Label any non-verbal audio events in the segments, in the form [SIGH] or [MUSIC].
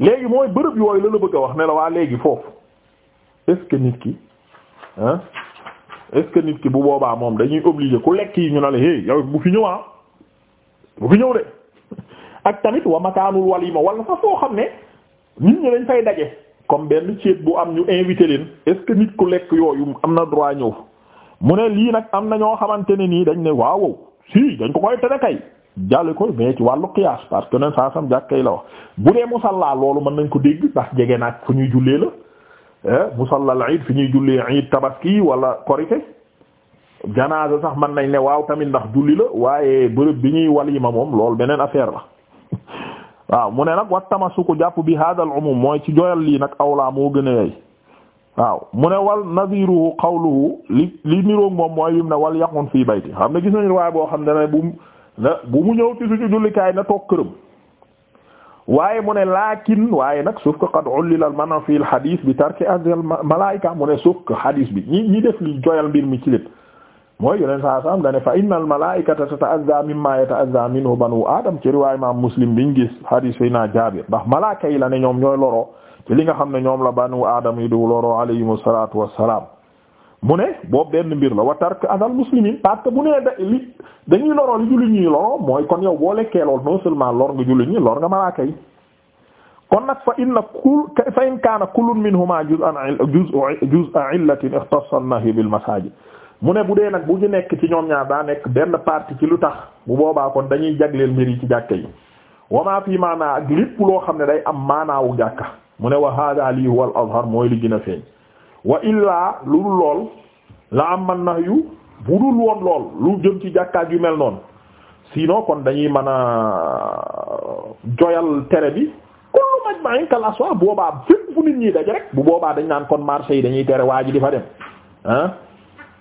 léegi mooy bërëb yooyu la la bëgg a wax ne la waa léegi foofu est nit ki ah nit ki bu boobaa moom dañuy obligé ku lekk yi ñu ne la hey yow bu fi ñëwaa bu fi ñëw de [LAUGHS] ak tamit wa makaanul walima wala fa foo xam ne nit ñi dañ fay daje comme benn ceet bu am ñu invité leen est nit ku lekk yooyu am na droit ñëw mu ne lii nag am na ñoo xamante ne nii dañ ne waaw si dañ ko koy tere jàlle ko mais ci wàllu qiyaas parce que nen saa sam jàkkay la wax bu dee musalla loolu mën nañ ko dégg ndax jege naag fu ñuy jullee la eh, musalla al iid fi ñuy jullee iid tabaski wala korite janaasa sax mën nañ ne waaw tamit ndax julli la waaye bërëb bi ñuy walima moom lool beneen affaire la [LAUGHS] waaw mu ne nag wat tamasuku jàpp bi hada al umum mooy ci joyal lii nag awlaa moo gën a yey waaw mu ne wal naziruhu qawluhu li li niroog moom mooy yim ne na bu mu ñëw ci suñu jullikaay na toog këram waaye mu ne laakin waaye nag sauf que qad ullila al mana fi al hadith bi tarki azal malaika mu ne sauf que hadith bi ñi ñi def li joyal mbir mi ci lépp mooy yeneen saa saam dane fa inna al malaikata tata'azza mimma yata'azza minhu banu adam ci riwaay imam muslim biñ gis hadith fay naa jaabir ndax malaaka yi la ne ñoom ñooy loroo ci li nga xam ne ñoom la banu adam yi du loroo alayhimu salaatu wassalaam mu ne boobu benn mbir la wa tark asal muslimin parce que bu nee da li dañuy loroo li jullit ñi loroo mooy kon yow boo lekkee lool non seulement lor nga jullit ñi lor nga malaaka yi kon nag fa inna kul fa in kaana kullun minhuma juz'an juz'a illatin ikhtassa an-nahy bil masajid mu ne bu dee nag bu ci nekk ci ñoom ñaar daa nekk benn partie ci lu tax bu boobaa kon dañuy jagleel mbir yi ci jàkka yi wamaa fii maanaa ak lépp loo xam ne day am maanaawu jàkka mu ne wa hada lii huwa al azhar mooy li gën a feeñ wa illaa lu dul lool la am man na bu dul woon lool lu jëm ci jàkkaat yu mel noonu sinon kon dañuy mën a joyal tere bi kullu majma'in kal aswa boobaa fépp fu nit ñi daje rek bu boobaa dañ naan kon marché yi dañuy tere waa ji di fa dem ah,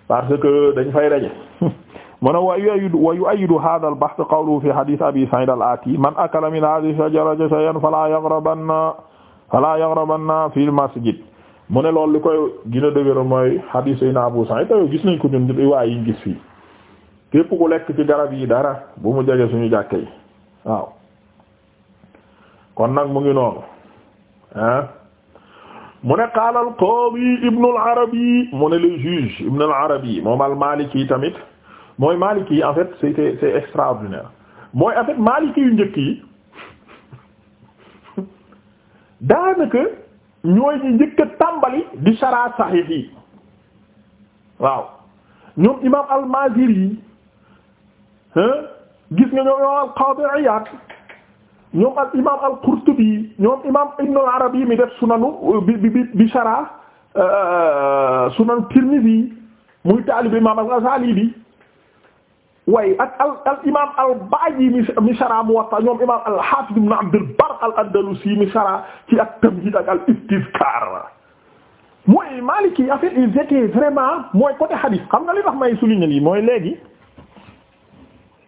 parce que dañ fay daje [LAUGHS] mu ne wa yu'ayyidu wa yu'ayyidu hadha al-bahth qawluhu fi hadith abi sa'id al-ati man akala min hadhihi shajarati shay'an fala yaghrabanna fala yaghrabanna fil masjid mu ne loolu li koy gën a dëgëral mooy hadis yi na Abu Sa'id taw gis nañ ko ñun riwaay yiñ gis fii képp ku lekk ci garab yi dara bu mu jege suñu jàkke yi waaw kon nag mu ngi noonu ah mu ne qaala al qaadi ibnu al arabi mu ne le juge ibnu al arabi moom al maliki yi tamit mooy maliki yi en fait c'était c'est extraordinaire mooy en fait maliki yu njëkk yi [LAUGHS] daanaka ñooy ñi njëkk tàmbali di sara saxiix yi waaw ñoom imam al-Maziri yi gis nga ñoom imam al-Qadi Iyad ñoom al imam al ñoom imam Ibn al-Arabi mi def sunanu bi bi bi sara euh, euh, sunanu Tirmidhi muy taalib imam al way ak al al imaam al baaji mi sara Muwatta ñoom imaam al haafid ibn Abd al Barr al Andalusi mi sara ci ak tamhid ak al istizkar mooy Maliki en fait ils vraiment mooy côté hadith xam nga li tax may souligner lii mooy léegi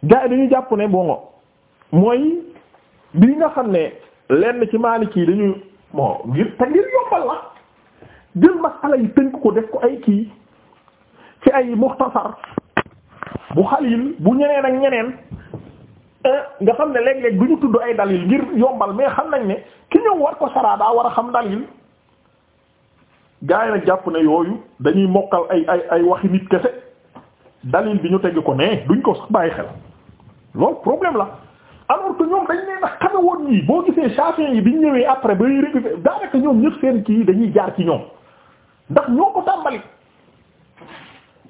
gars yi dañuy jàpp ne bongo mooy bi nga xam ne lenn ci Maliki yi dañuy bon ngir te ngir yombal la jël masala yi tënk ko def ko ay kii ci ay muxtasar bu xalil bu ñeneen ak ñeneen eh, nga xam ne léeg-léeg du ñu tudd ay dalil ngir yombal mais xam nañ ne ki ñëw war ko saraa daa war a xam dalil gaa yi nag jàpp ne yooyu dañuy mokkal ay ay ay waxi nit kese dalil bi ñu tegg ko ne duñ ko bàyyi xel loolu problème la alors que ñoom dañ ne nag xame woon boo gisee Shafi'i yi biñ ñëwee après bay récupérer daanaka ñoom ñëpp seen kii dañuy jaar ci ñoom ndax ñoo ko tàmbali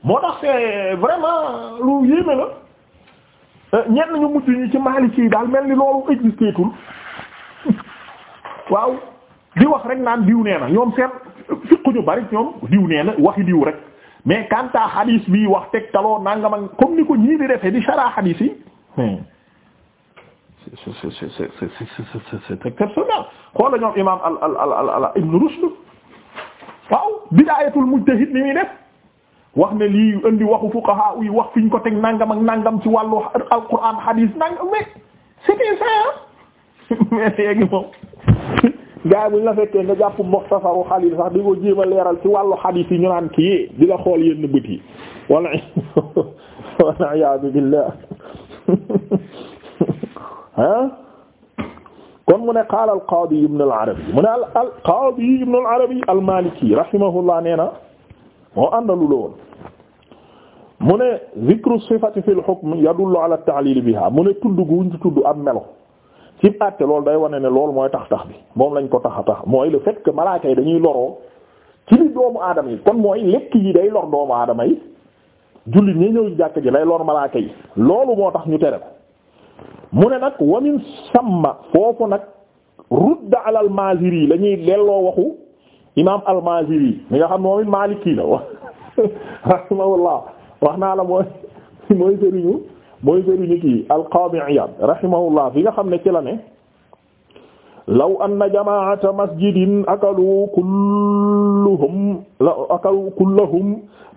moo tax c'est vraiment lu yéeme la ñenn nañu mujj ci Maliki yi daal mel ni loolu existé waaw di wax rek naan diw nee na ñoom seen fiqu ñu bari ñoom diw nee na waxi diw rek mais kanta xadiis bi wax teg taloo nangam ak comme ni ko ñii di defee di saraa xadiis yi c'est c'est c'est c'est c'est c'est exceptionnel xoola ñoom imam al al al al Ibn Rushd waaw bidaayatul mujtahid ni muy def wax ne lii indi waxu fuqaha yi wax fi ñu ko teg nàngam ak nangam ci wàllu alquran hadis nangam mais c'était ça [LAUGHS] mais léegi moom gars yi bu ñu la fekkee nga jàpp muxtasaru xalil sax di ko jéem a leeral ci wàllu hadis yi ñu naan kii di xool yenn bët yi wala [LAUGHS] wala iyaadu billah ah [LAUGHS] kon mu ne qaala al qaadi ibn al al qaadi ibn al al maliki rahimahullah nee na moo àndalu la woon mu ne zikru sifati fil hukm yadullu ala ta'lil biha mu ne tudd gu wuñ ci tudd am melo ci àtte loolu day wane ne loolu mooy tax tax bi moom lañ ko tax a tax mooy le fait malaaka yi dañuy loroo ci li doomu aadama yi kon mooy lekk yi day lor doomu aadama yi jullit ñi ñëw jàkk ji day lor malaaka yi loolu moo tax ñu tere ko mu ne nag wamin samma foofu nag rudd alal maziri yi la ñuy waxu imaam al-Maaziri mi nga xam moom it Maliki la wax rahimahullah wax naa la mooy mooy sëriñu mooy sëriñu kii al-Qaadi Iyaad rahimahullah fi nga xam ne ci la ne law anna jamaata masjidin akalu kulluhum la akalu kulluhum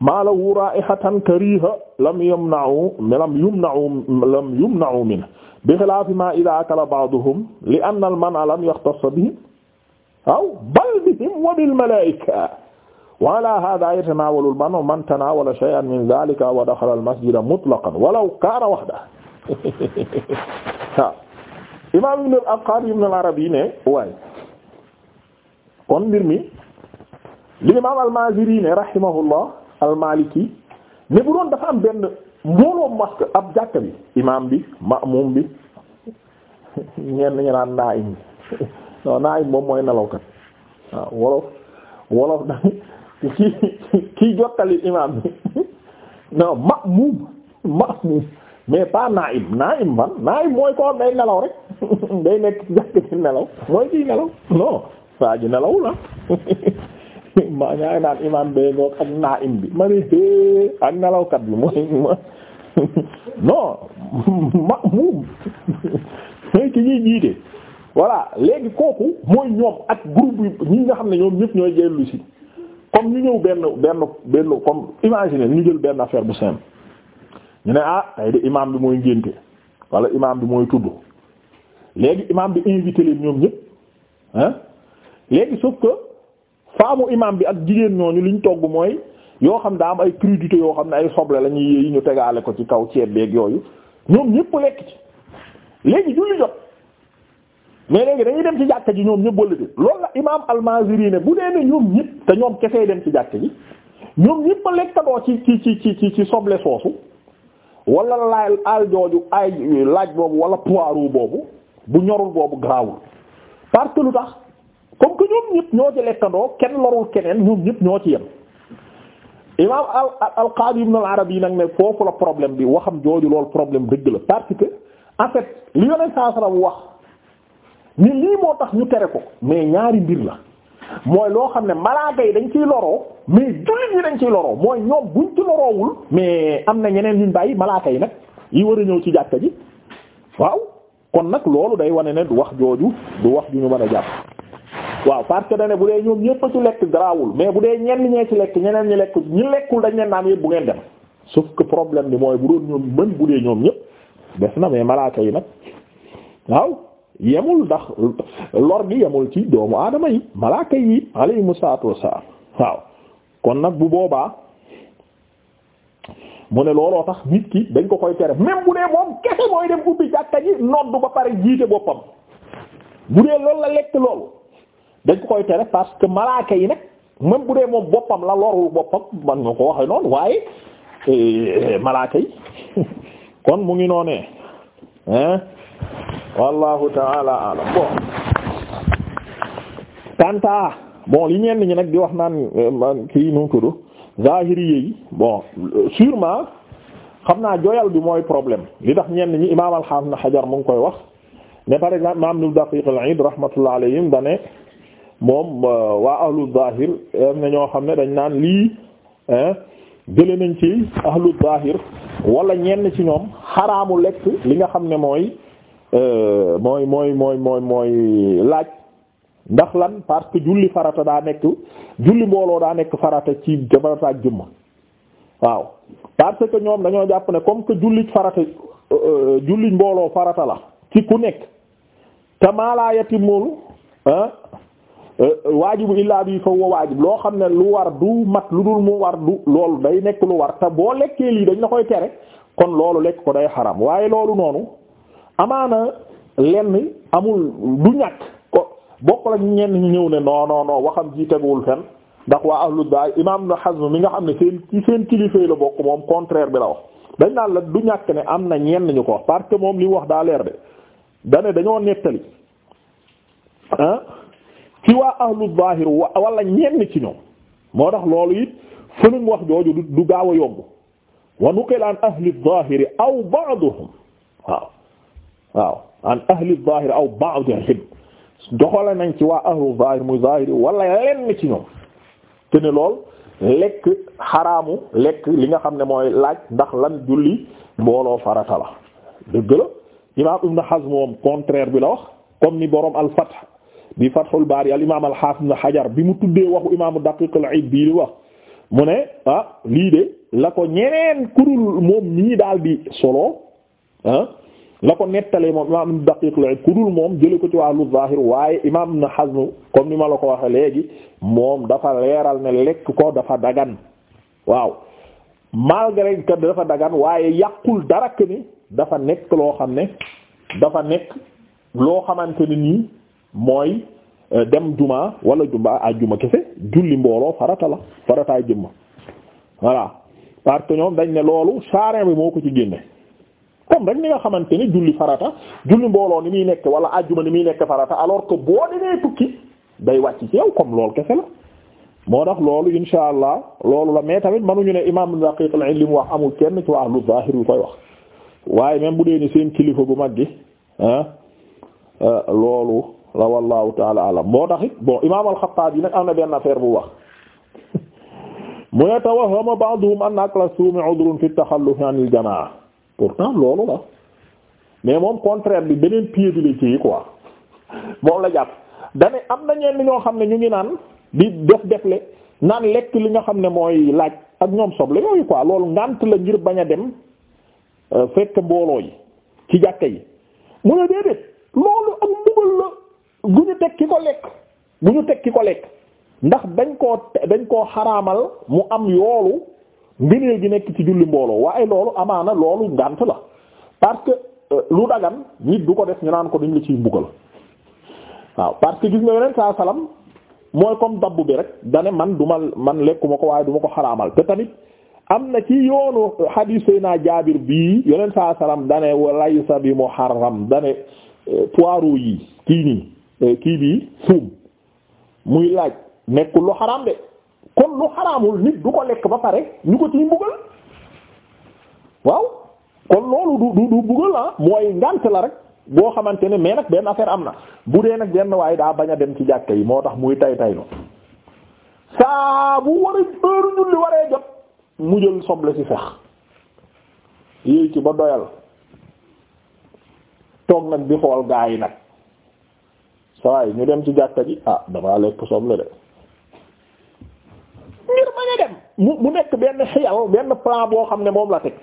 maa lahu raa'ihatan kariha lam yumna'u lam yumna'u lam yumna'u minhu bi xilaafi maa idhaa akala ba'duhum li anna al-man'a lam yaxtassa bihi waaw bal bihim wa bil malaa'ika wa ala haaza yatanaawalu al-mar'u man tanaawala shay'an min dhaalika wa daxala al-masjida mutlaqan walaw kaana wahdahu waaw [LAUGHS] imaam ibn al-Qaadi ibn al-Arabi ne waaye kon mbir mi li imaam al-Maaziri ne rahimahullah al-Maaliki ne bu doon dafa am benn mbooloom masque ab jàkka bi imaam bi ma'muum bi [LAUGHS] ñenn ñu naan naa'im bi [LAUGHS] non naayit moom mooy nelawkat waaw wolof wolof [LAUGHS] da ki kii jottali imaam bi [LAUGHS] non ma'muum ma'muum mais pas naayim naayim fan naayim mooy ko day nelaw rek [LAUGHS] day nekk jàkk ci nelaw mooy kii nelaw non saa ji nelaw la maa ñaay naan imam bee ngoog ak naayim bi ma hee ak nelawkat bi mooy ma non ki ñuy jiite voilà léegi kooku mooy ñoom ak groupe ñi nga xam ne ñoom ñëpp ñooy jël lu ci comme ñu ñëw benn benn benn comme imaginer ñu jël benn affaire bu simple ñu ne ah tay de imam bi mooy ngénte wala imam bi mooy tudd léegi imam bi invité leen ñoom ñëpp ah léegi sauf que bi ak jigéen ñooñu liñ togg mooy yoo xam daa ay crudités yoo xam ne ay soble la ñuy yi ñu ko ci kaw ceeb beeg yooyu ñoom ñëpp lekk ci léegi julli jot mais léegi dañuy dem ci jàkka ji ñoom ñëpp wala de loolu la imaam al-Maziri ne bu dee ne ñoom ñëpp te ñoom kesee dem ci jàkka ji ñoom ñëpp a lekkandoo ci ci ci ci ci soble soosu wala laal al jooju ay laaj boobu wala poireau boobu bu ñorul boobu garaawul parce lu tax comme que ñoom ñëpp ñoo ci lekkandoo kenn lorul keneen ñoom ñëpp ñoo ci yem. imaam al al qaadi ibn al arabi nag ne foofu la problème bi waxam jooju loolu problème dëgg la parce que en fait li yoneen saa salaam wax. ni lii moo tax ñu tere ko mais ñaari mbir la mooy loo xam ne malaaka yi dañ ciy loroo mais jullit ñi dañ ciy loroo mooy ñoom buñ ci loroowul mais am na ñeneen ñu bàyyi malaaka yi nag yi war a ñëw ci jàkka ji waaw kon nag loolu day wane ne du wax jooju du wax ju ñu mën a jàpp waaw parce que dane bu dee ñoom ñëpp ci lekk garaawul mais bu dee ñenn ñee ci lekk ñeneen ñi lekk ñi lekkul dañ leen naan yëpp bu ngeen dem sauf que problème bi mooy bu doon ñoom mën ñëpp des na malaaka yi nag yemul ndax lor gi yemul ci doomu aadama yi malaaka yi mu salaatu wassalaam waaw kon nag bu boobaa mu ne looloo tax nit ki dañ ko koy tere même bu dee moom kese mooy dem ubbi jàkka ji noddu ba pare jiite boppam bu dee loolu la lekk loolu dañ ko koy tere parce que malaaka yi nag même bu dee moom boppam la lorul boppam man nga ko waxee noonu waaye eh, malaaka yi [LAUGHS] kon mu ngi noonee hein wallahu taala alam bon kanta bon li ñenn ñi nag di wax naan euh, kii nu tudd zahiri yi bon sûrement xam naa joyal bi mooy problème li tax ñenn ñi imaam al-Hafiz Ibn Hajar ngi koy wax ne par exemple imaam Ibn Daqiq al-Eid rahmatullah alayhim dane moom euh, waa ahlu zahir am na ñoo xam ne dañ naan lii jële nañ ci ahlu zahir wala ñenn ci ñoom xaraamu lekk li nga xam ne mooy Euh, mooy mooy mooy mooy mooy laaj ndax lan parce que julli farata daa nekk julli mbooloo daa nekk farata ci farata ak waaw parce que ñoom dañoo jàpp ne comme que julli farata euh, julli mbooloo farata la ci ku nekk te maalaa yatimul euh, waajibu illaa bi fa wa waajib loo xam ne lu war du mat lu dul mu war du loolu day nekk lu war te boo lekkee lii dañ la koy tere kon loolu lekk ko day xaram waaye loolu noonu amaana lenn amul du ñàkk ko bokk la ñenn ñu ñëw ne noo non non waxam ji teguwul fenn ndax waa ahlul baay imaam Ibn Hazm mi nga xam ne seen ci seen kilifa la bokk moom contraire bi la wax dañ naan la du ñàkk ne am na ñenn ñu ko parce que moom li wax daa leer de dane dañoo nettali ah ci waa ahlu zahir wala ñenn ci ñoom moo tax loolu it fënuñ wax jooju du gaaw a yomb wa nuqila ahli zahiri aw ba'dhum waaw waaw an ahli zahir aw ba'dihim doxale nañ ci waa ahlu zahir muy zahir walla lenn ci ñoom te ne lool lekk xaraamu lekk li nga xam ne mooy laaj ndax lan julli mbooloo farata la dëgg la imaam Ibn Hazm moom contraire bi la wax comme ni boroom al-Fath bi Fathul Baari al imaam al-Haafiz Ibn Hajar bi mu tuddee waxu imaamu Daqiq al-Iid bii li wax mu ne ah lii de la ko ñeneen kurul moom ñii daal di solo ah la ko nettalee moom imaam ibn Daqiq la ku dul moom jële ko ci wàllu zahir waaye imaam na Hazm comme ni ma la ko waxee léegi moom dafa leeral ne lekk ko dafa dagan waaw malgré que dafa dagan waaye yàqul dara que ni dafa nekk loo xam ne dafa nekk loo xamante ne nii mooy euh, dem juma wala juma àjjuma kese julli mbooloo farata la farataay jëmma voilà parce ñoom dañ ne loolu charin bi moo ko ci génne comme rek ni nga xamante ni julli farata julli mbooloo ni muy nekk wala àjjuma ni muy nekk farata alors que boo demee tukki day wàcc ci yow comme loolu kese la moo tax loolu insha allah loolu la mais tamit mënuñu ne imam Daqiq al-Ayn mu wax amul kenn ci waa ahlu zahir yu koy wax waaye même bu dee ni seen kilifa gu mag gi ah euh, loolu la wallahu taala alam moo tax it bon imam al nag am na benn affaire bu wax [LAUGHS] mu ne tawahhama ba'duhum anna akla sumi udrun fi at pourtant loolu la mais moom contraire bi beneen pied bi la ci quoi moom la jàpp dane am na ñenn ñoo xam ne ñu ngi naan di def le naan lekk li nga xam ne mooy laaj ak ñoom soble yooyu quoi loolu ngànt la ngir bañ a dem euh, fekk mbooloo yi ci jàkka yi mu ne déedéet loolu ak mbugal la bu ñu teg ki ko lekk bu ñu teg ki ko lekk ndax dañ koo dañ koo xaraamal mu am yoolu ndi ngëneel gi nekk ci julli mbooloo waaye loolu amaana loolu ngànt la parce que euh, lu dagan nit du ko def ñu naan ko dañ la ciy mbugal waaw parce que gis nga yeneen saa salam mooy comme dabbu bi rek dane man duma man lekkuma ko waaye duma ko xaraamal te tamit am na ci yoonu hadith naa jaabir bii yeneen saa salam dane walaysa bi muharram dane euh, poireaux yi kii nii euh, kii bii suum muy laaj nekkul lu xaraam de kon lu xaraamul nit du ko lekk ba pare ñu ko ciy mbugal waaw kon loolu du du du mbugal ah mooy ngànt la rek boo xamante ne mais nag benn affaire am na bu dee nag benn waaye daa bañ a dem ci jàkka yi moo tax muy tay taylu saa bu war a heure julli waree jot mu jël soble ci fex yéeg ci ba doyal toog nag bi xool gaa yi nag saa yi ñu dem ci jàkka ji ah damaa lekk soble de mu mu nekk benn xiyal benn plan boo xam ne moom la teg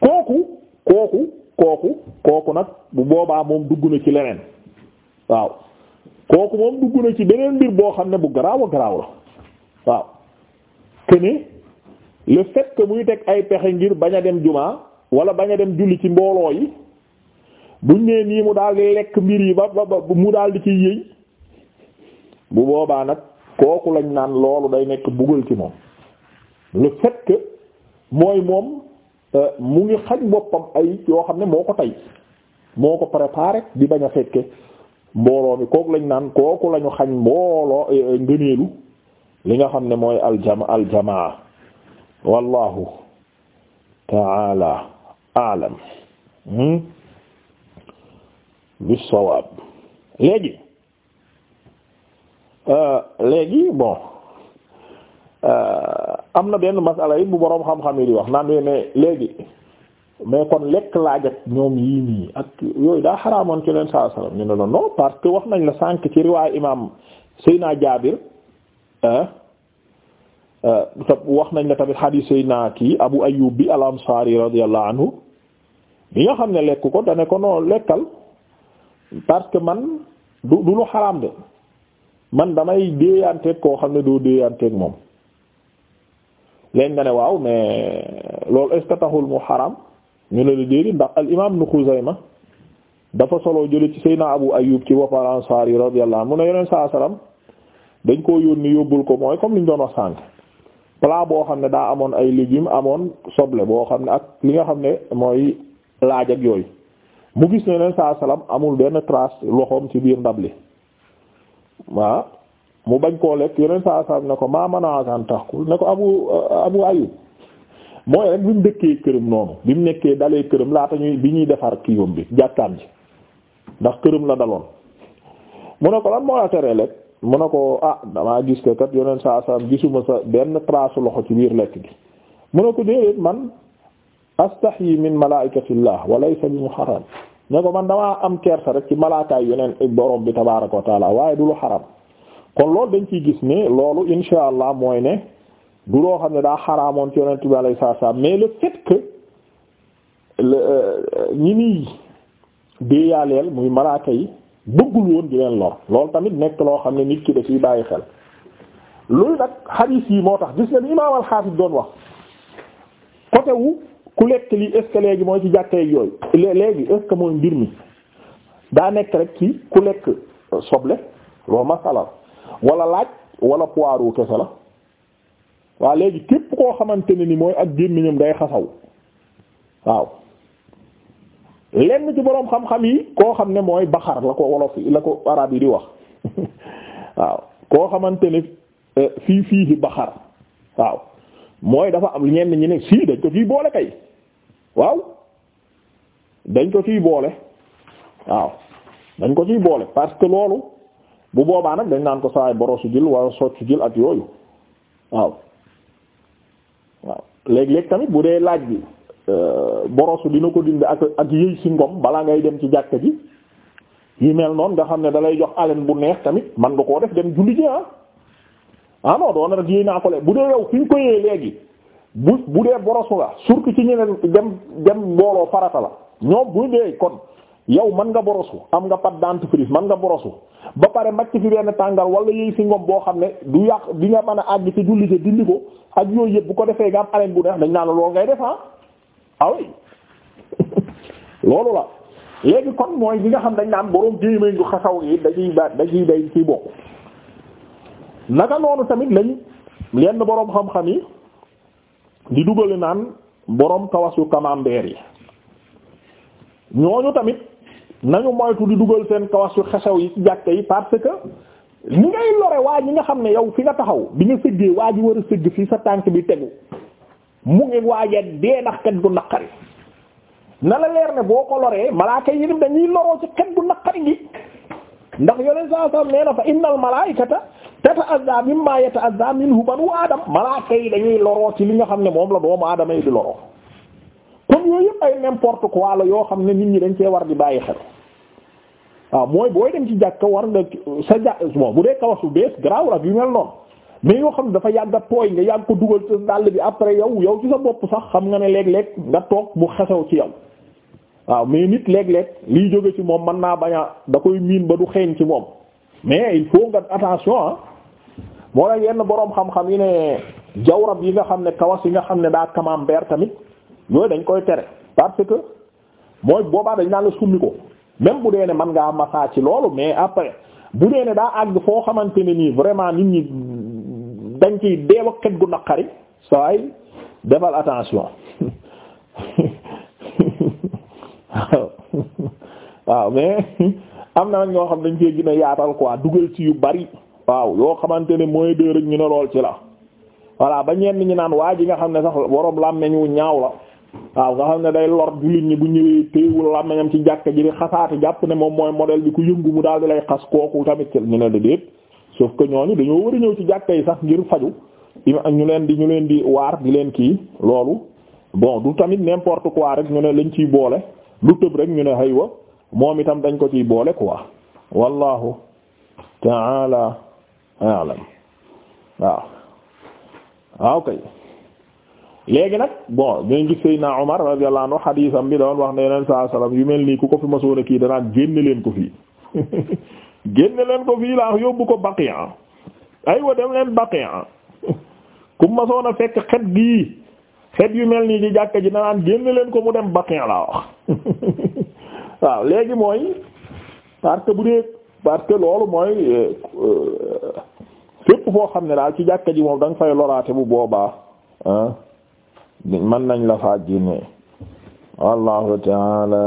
kooku kooku kooku kooku nag bu boobaa moom dugg na ci leneen waaw kooku moom dugg na ci beneen mbir boo xam ne bu garaaw a garaaw la waaw que ni le muy teg ay pexe ngir bañ a dem jumaa wala bañ a dem julli ci mbooloo yi buñ nee nii mu daal di lekk mbir yi ba ba mu daal di ciy yëy bu boobaa nag kooku lañ naan loolu day nekk buggal ci moom. le fait que mooy moom euh, mu ngi xañ boppam ay yoo xam ne moo ko tey moo ko préparé di bañ a fekke mbooloo mi kook lañ naan kooku lañu xañ mbooloo euh, euh, ngëneelu li nga xam ne mooy aljama aljamaa wallahu taala alam hmm? bissawaab léegi léegi bon am na benn masala bu boroom xam-xam yi di wax naan we léegi mais kon lekk laaj ak ñoom yii nii ak yooyu daa xaraamoon ci leen saa salaam ñu ne la non parce que wax nañ la sànq ci riwaay imaam Seyna Jaabir ah, ah, wax nañ la tamit xadiis Seyna kii Abu Ayyub bi al-Ansari radiyallahu anhu bi nga xam ne lekk ko da ko noo lekkal parce que man du du lu xaraam de man damay déeyanteeg koo xam ne doo déeyanteeg moom. léegi nga ne waaw mais loolu est ce que taxul mu xaram ñu ne la déedéet ndax al imaam Ibn Xuzayma dafa solo jële ci Seydina Abu Ayyub ci wafal Ansaari radiyallahu anhu mu ne yeneen saa salaam dañ koo yónni yóbbul ko mooy comme li ñu doon wax sànq plat boo xam ne daa amoon ay légumes amoon soble boo xam ne ak li nga xam ne mooy laaj ak yooyu mu gis ne yeneen saa salaam amul benn trace loxoom ci biir ndab li waaw mu bañ koo lekk yeneen saa saa ne ko maa manaasan taxkul ne ko abu abu ayub mooy rek bi mu dëkkee këram noonu bi mu nekkee dalee këram laata ñuy bi ñuy defar kiiwam bi jàkkaam ji ndax këram la daloon mu ne ko lan moo la teree lekk mu ne ko ah damaa gis ko kat yeneen saa saa gisuma sa benn trace loxo ci biir lekk gi mu ne ko déedéet man astahyi min malaa'ikatillah wa laysa bi muharram ne ko man damaa am kersa rek ci malaakaay yeneen borom bi tabaaraka wa taala waaye du lu xaram kon loolu dañ ciy gis ne loolu insha allah mooy ne du loo xam ne daa xaraamoon ci yonent bi alayhi salaam mais le fait que euh, ñi muy déeyaaleel muy malaaka yi bëggul woon di leen lor loolu tamit nekk loo xam ne nit ki da ciy bàyyi xel loolu nag xadiis yi moo tax gis nga li imaam xaafis doon wax côté ku lekk li est léegi mooy ci jàkkeeg yooyu léegi est ce mooy mbir mi daa nekk rek ci ku lekk soble loolu masala wala laaj wala poireau kese la waa léegi képp koo xamante ne ni mooy ak gémmiñam day xasaw waaw lenn ci boroom xam-xam yi koo xam ne mooy baxar la ko wolof la ko araab yi di wax [LAUGHS] waaw koo xamante ne eh, fii fii ci baxar waaw mooy dafa am ñenn ñi ne sii dañ ko fii boole kay waaw dañ ko fii boole waaw dañ ko fii boole parce que loolu bu boobaa nag dañ naan ko saay borosu jël wala soccu jël ak yooyu waaw waaw léeg-léeg tamit bu dee laaj bi euh, borosu dina ko dindi ak ak yëy si ngom balaa ngay dem ci jàkka ji yu mel noon nga xam ne dalay jox alen bu neex tamit man nga koo def dem julli ji ah ah non doon na rek yéey naa ko le bu dee yow fi ñu ko léegi bu bu dee borosu nga surtout ci ñeneen dem dem mbooloo farata la ñoom bu dee kon. yow mën nga borosu am nga pâte dentifrice mën nga borosu ba pare màcc fi benn tàngal wala yooyu si ngom boo xam ne du yàq di nga man a àgg ci julli ci dindi ko ak yooyu yëpp bu ko defee nga am alen bu neex dañ naa la loolu ngay def ah awi ah [LAUGHS] loolu la léegi kon mooy bi nga xam dañ naan boroom gémmiñ gu xasaw yi dañuy ba dañuy day ciy bokk tamit lañ lenn boroom xam-xam yi di dugale naan boroom kawasu kamambeer yi ñooñu tamit nañu moytu di dugal seen kawas yu xesew yi ci jàkke yi parce que ni ngay lore waa ji nga xam ne yow fi nga taxaw bi nga sëggee waa ji war a sëgg fii sa tànk bi tegu mu ngi waaja dee ndax xet bu naqari na la leer ne boo ko loree malaaka yi nim dañuy loroo ci xet gu naqari gi ndax yoneen saa sam nee na fa innal malaikata tata'azza mimma yata'azza minhu banu adam malaaka yi dañuy loroo ci li nga xam ne moom la doomu aadama yi di loroo kon yooyu yëpp ay n'importe quoi la yoo xam ne nit ñi dañ cee war di bàyyi xel waaw mooy booy dem ci jàkka war nga sa ja bu dee kawas bu bees garaaw la yu mel noonu mais yoo xam ne dafa yàgg a tooy nga yàgg ko dugal ci dàll bi après yow yow ci sa bopp sax xam nga ne léeg-léeg nga toog mu xesaw ci yow waaw mais nit léeg-léeg liy jóge ci moom man naa bañ a da koy miin ba du xeeñ ci moom mais il faut nga attention ah. moo tax yenn boroom xam-xam yi ne jawrab yi nga xam ne kawas yi nga xam ne daa camembert tamit. yooyu dañ koy tere parce que mooy boobaa dañ naan la summi ko même bu dee ne mën ngaa masaa ci loolu mais après bu dee ne daa àgg foo xamante ne nii vraiment nit ñi dañ ciy deew ak xet gu naqari saa yi defal attention [LAUGHS] waaw mais am na nag ñoo xam dañ cee gën a ko quoi dugal ci yu bari waaw yoo xamante ne mooy dër ñu ne lool ci la voilà ba ñenn ñi naan waa ji nga xam ne sax am làmmeñ wu ñaaw la. waaw nga xam ne day lor jullit ñi bu ñëwee téewul làmmiñam ci jàkka ji di xasaati jàpp ne moom mooy modèle bi ku yëngu mu daal di lay xas kooku tamit ñu ne la déet sauf que ñooñu dañoo war a ñëw ci jàkka yi sax ngir faju ñu leen di ñu leen di waar di leen kii loolu bon du tamit n'importe quoi rek ñu ne lañ ciy boole lu tëb rek ñu ne aywa moom itam dañ ko ciy boole quoi wallahu ta'ala a'lam waaw waaw léegi nag bon mu gis Seydina Omar radiyallahu anhu wax ne yeneen saa salaam yu mel nii ku ko fi masoon kii danaan génne leen ko fii [LAUGHS] génne leen ko fii laa yóbbu ko Baqiya wo dem leen Baqiya [LAUGHS] ku masoon a fekk xet gii xet yu mel nii ci jàkka ji danaan génne leen ko mu dem Baqiya laa wax [LAUGHS] waaw léegi mooy parce que bu dee parce que loolu mooy euh, euh, fépp foo xam ne daal ci jàkka ji moom da nga fay loraate bu boobaa mën nañ la faa génne wallahu taala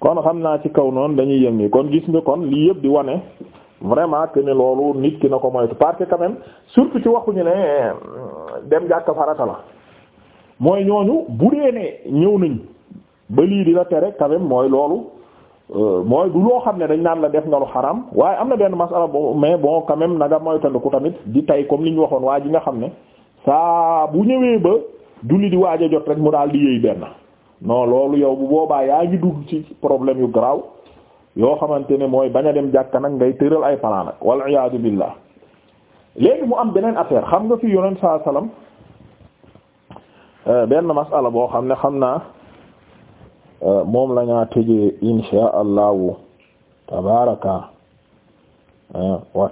kon xam naa ci kaw noonu dañuy yem nii kon gis nga kon lii yëpp di wane vraiment que ne loolu nit ki na ko moytu parce que quand même surtout ci waxuñu ne euh, dem jàkk farata la mooy ñooñu bu dee ne ñëw nañ ba lii di la tere quand mooy loolu euh, mooy du loo xam ne dañ naan la def nga lu xaram waaye am na benn masala bo mais bon quand même nanga moytandiku tamit di tay comme li ñu waxoon waa ji nga xam ne saa bu ñëwee ba julli di waaj a jot rek mu daal di yëy benn non loolu yow bu boobaa yaa ngi dugg ci problème yu garaaw yoo xamante ne mooy bañ a dem jàkka nag ngay tëral ay plan nag wal iyaadu billah léegi mu am beneen affaire xam nga fi yonent saa salaam euh, benn masala boo xam ne xam naa euh, moom la ñaa tëjee insha allahu tabaraka euh, wa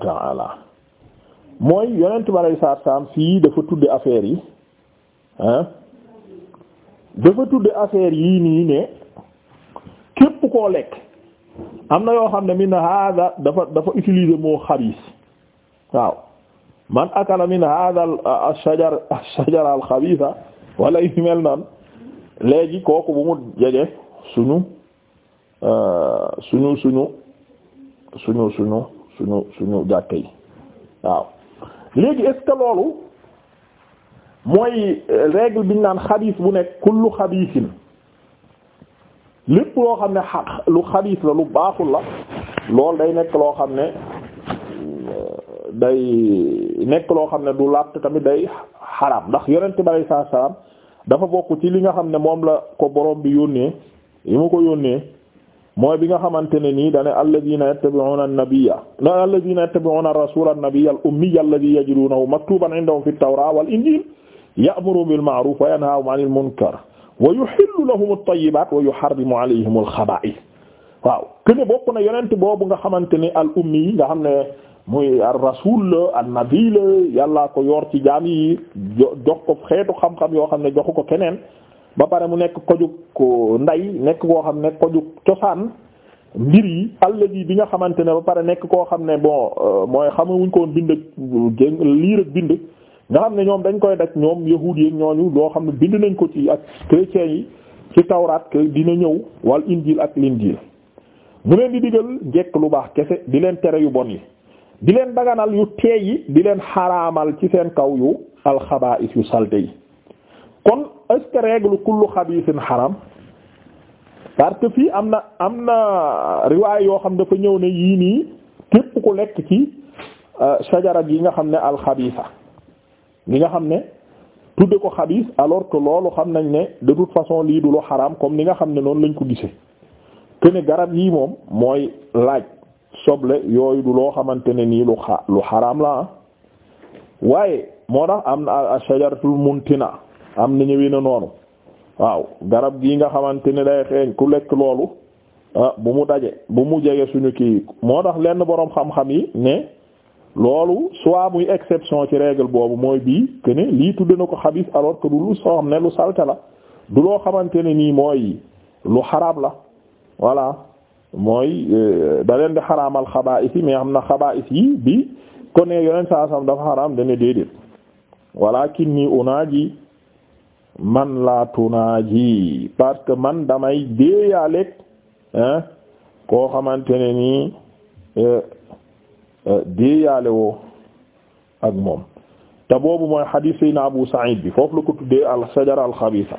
mooy yonent bi alayhi salaatu fii dafa tudde affaire yi ah dafa tudde affaire yii nii ne képp koo lekk am na yoo xam ne min hada dafa dafa utiliser moo xabiis waaw man akala min hada ash-shajar ash-shajara al-xabiisa wala yu mel noonu léegi kooku bu mu jege suñu euh, suñu suñu suñu suñu suñu suñu jàkke yi waaw léegi est loolu mooy euh, règle bi ñu naan xabiis bu nekk kullu xabiisin lépp loo xam ne lu xabiis la lu baaxul la loolu day nekk loo xam ne euh, day nekk loo xam ne du làpp tamit day xaraam ndax yonent bi alayhi salaam dafa bokk ci li nga xam ne moom la ko borom bi yónnee yi ma ko yónnee mooy bi nga xamante ne nii dane alladina yattabi'una an-nabiyya la alladina yattabi'una ar-rasula an-nabiyya al-ummiyya alladhi yajidunahu maktuban 'indahum fi at-tawra wal injil ya'muru bil ma'ruf wa yanhahum 'anil munkar wa yuhillu lahum at-tayyibat wa yuharrimu 'alayhim al-khaba'ith waaw kene bokk na yonent boobu nga xamante ni al ummi yi nga xam ne muy ar-rasul la an-nabi la yàllaa ko yor ci jaam yi jox ko xeetu xam-xam yoo xam ne joxu ko keneen ba pare mu nekk kojug nday nekk koo xam ne kojug cosaan mbir yi yi bi nga xamante ne ba pare nekk koo xam ne bon euh, mooy xamuñ ko woon bind ak liir ak bind nga xam ne ñoom dañ koy daj ñoom yahuud yi ñooñu loo xam ne bind nañ ko ci ak chrétiens yi ci tawraat que dina ñëw wal injil ak linjil mu leen di digal njekk lu baax kese di leen tere yu bon yi di leen daganal yu teey yi di leen xaraamal ci seen kaw yu alxabaa'is yu salte yi kon est ce que règle kullu xabiisin xaram parce que fii am na am na riwaay yoo xam dafa ñëw ne yii nii képp ku lekk ki euh, sajara yi nga xam ne alxabiisa yi nga xam ne tudde ko xabiis alors que loolu xam nañ ne de toute façon lii du lu xaram comme ni nga xam ne noonu lañ ko gisee que ne garab yii moom mooy laaj soble yooyu du loo xamante ne nii lu xa lu la ah. waaye moo tax am na ashajaratul muntina am na ñëwi na noonu waaw garab gii nga xamante ne day xeeñ ku lekk loolu ah bu mu daje bu mu jege suñu kii moo tax lenn boroom xam-xam yi ne loolu soit muy exception ci règle boobu mooy bii que ne lii tudd na ko xabis alors que du lu soo xam ne lu salte la du loo xamante ne nii mooy lu xaraab la voilà mooy euh, da leen di xaraamal xabaa yi mais xam na xabaa'is yi bi kon ne yeneen saa sam dafa xaraam man laa tunaaji parce que man damay déeyaaleg hein koo xamante ne nii euh, euh, déeyaale woo ak moom te boobu mooy hadith na Abu Sa'id bi foofu la ko tuddee al shajara al xabisa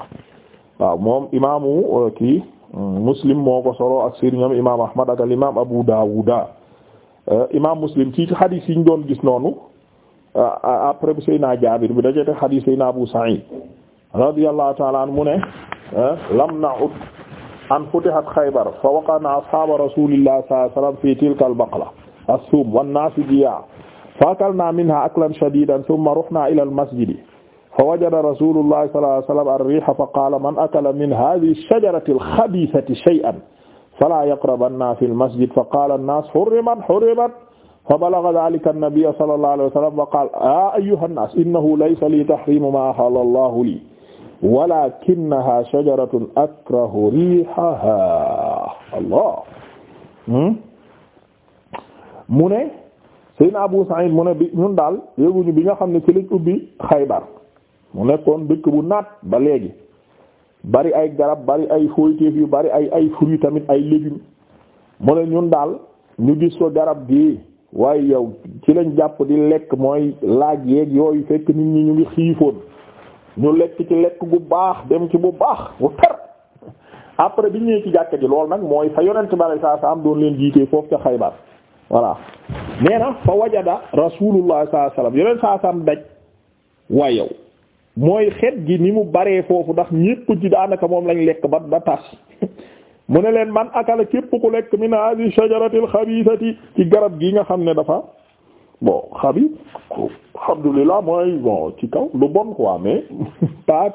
waaw moom imaamu euh, kii Muslim moo ko solo ak sëriñam imaam Ahmad ak al imaam Abu Dawuda imaam Muslim ci hadith yi ñu doon gis noonu après bu sayna Jaabir bi dajee te hadith sayna Abu Sa'id radiyallahu ta'ala an mu ne eh, lam na'ud an futihat Khaybar fa waqa'na ashaba rasulillahi sallallahu alayhi wa sallam fi tilka al-baqla as-sum wan-nasu jiyaa fa akalna minha aklan shadidan thumma ruhna ila al-masjid fa wajada rasulullahi sallallahu alayhi wa sallam ar-riha fa qala man akala min hadhihi ash-shajarati al-khabithati shay'an fala yaqrabanna fi al-masjid fa qala an-nas hurrimat hurrimat fa balagha dhalika an-nabiy sallallahu alayhi wa sallam wa qala ya ayyuha an-nas innahu laysa li tahrimu ma ahalla Allahu li walakinnaha shajaratun akrahu rihaha allah hmm? mu ne Seydina Abu Sa'id mu ne bi ñun daal yéguñu bi nga xam ne ci lañ ubbi Xaybar mu nekkoon dëkk bu naat ba léegi bari ay garab bari ay foyteef yu bari ay ay fruits tamit ay légumes mu ne ñun daal ñu gis ko garab gi waaye yow ci lañ jàpp di lekk mooy laaj yeeg yooyu fekk nit ñi ñu ngi xiifoon ñu lekk ci lekk bu baax dem ci bu baax bu tar après bi ñëwee ci jàkka ji loolu nag mooy fa yonent bari saa am doon leen jiitee foofu ca Xaybar voilà nee na fa wajada rasulullah sallallahu alayhi wasallam yonent saa daj waa yow mooy xet gi ni mu baree foofu ndax ñépp ci daanaka moom lañ lekk ba ba tas [LAUGHS] mu ne leen man akala képp ku lekk min hadi xabiisati ci garab gi nga xam ne dafa bon xabi alhamdulillah mooy bo ci kaw lu bon quoi mais [LAUGHS] pas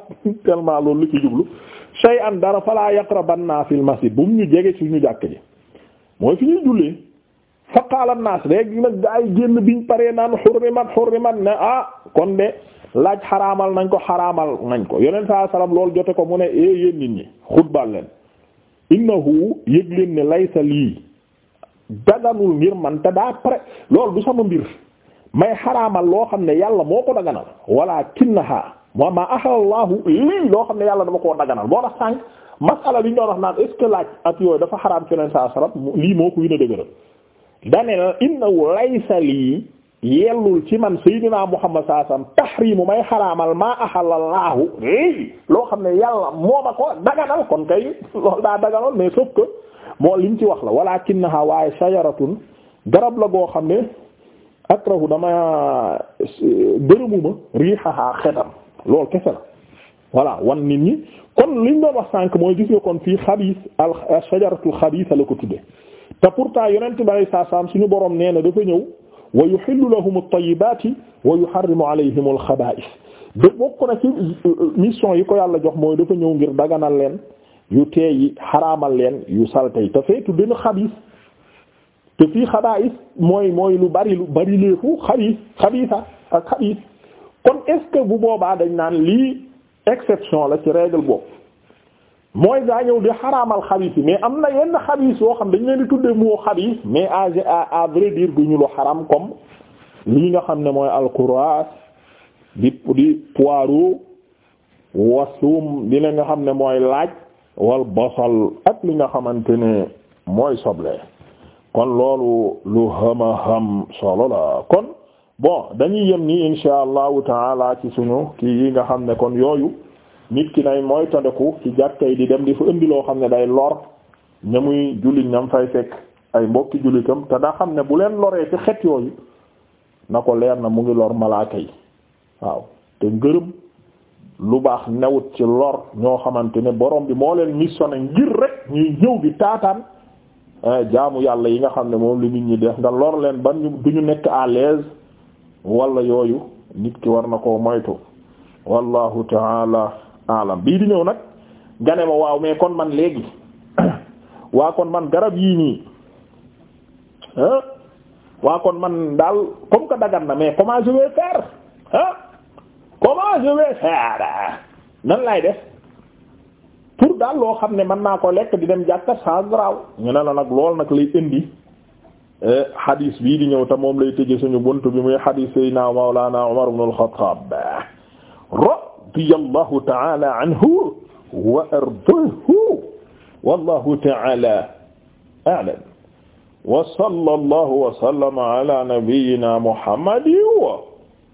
tellement loolu li ci jublu shay'an dara fala yaqrabanna fil masjid bu mu ñu jege ci ñu jàkk ji mooy fi ñuy jullee fa qaala an-naas rek nag gaa yi génn biñ paree naan hurrimat hurrimat ne ah kon de laaj xaramal nañ ko xaraamal nañ ko yeneen saa salaam loolu jote ko mu ne eh yéen ñi xutbal leen innahu yëg leen ne laysa lii. daganul ngir man te daa pare loolu du sama mbir may xaraamal loo xam ne yàlla moo ko daganal wala kinnaha wa ma ahalallaahu lii loo xam ne yàlla dama koo daganal boo tax sànq masala bi ñu doon wax ak yooyu dafa xaraam ci leen saa salam moo a dëgëral ci man sayyidina muhammad saa salam tahrimu may xaraamal maa ahalallaahu loo xam ne ma ko daganal kon kay loolu daa daganoon mais sauf que moo liñ ci wax la walaakinnaha waaye shajaratun garab la goo xam ne akrahu dama gërëmuma rihaha xetam kese la voilà wan nit ñi kon liñ doon wax sànq mooy gis nga kon fii xabiis al shajaratul xabiisa la ko tudde te pourtant yonent bi saa suñu borom nee na dafa ñëw wa yuhillu lahum at-tayyibaati wa yuharrimu alayhim al-xabaa'is de bokk na ci euh, euh, mission yi ko yàlla jox mooy dafa ñëw ngir daganal leen yu teey yi xaramal leen yu salte yi te feetu dina xabis te fii xabaayis mooy mooy lu bari lu bari léefu xabis xabisa ak xabis kon est-ce que bu boobaa dañ naan lii exception la ci règle boobu mooy daa ñëw di xaraamal xabis yi mais am na yenn xabis yoo xam dañ leen di tuddee moo xabis mais a à vrai gu ñu lu xaram comme lii nga xam ne mooy alkuraas di di poireau wasum di leen nga xam ne mooy laaj wal basal ak li nga xamante ne mooy soble kon loolu lu hama ham solo la kon bon dañuy yem nii insha allahu taala ci suñu kii yi nga xam ne kon yooyu nit ki nay mooy tandeku ci jàkkay di dem di fa indi loo xam ne day lor ñamuy jullit ñam fay fekk ay mbokki jullitam te daa xam ne bu leen loree ci xet yooyu na ko leer na mu ngi lor malaaka yi waaw te ngërëm lu baax newut ci lor ñoo xamante ne borom bi moo leen missionné ngir rek ñuy ñëw di taataan eh, jaamu yàlla yi nga xam ne moom li nit ñi def nga lor leen ban du ñu nekk à l'aise wala yooyu nit ki war na ko moytu wallahu taala alam bii di ñëw nag gane ma waaw mais kon man léegi [COUGHS] waa kon man garab yii nii ah waa kon man daal comme que dagan na mais comment je vais comment je vais faire nan laay def pour loo xam ne mën naa ko lekk di dem jàkka sans graw ñu ne la nag lool nag lay indi eh, xadiis bii di ñëw te moom lay tëje suñu bunt bi muy xadiis Seydina Mawlana Umar ibn al-Khattab radiyallahu ta'ala anhu wa ardaahu wallahu ta'ala a'lam wa sallallahu wa sallama ala nabiyyina Muhammadin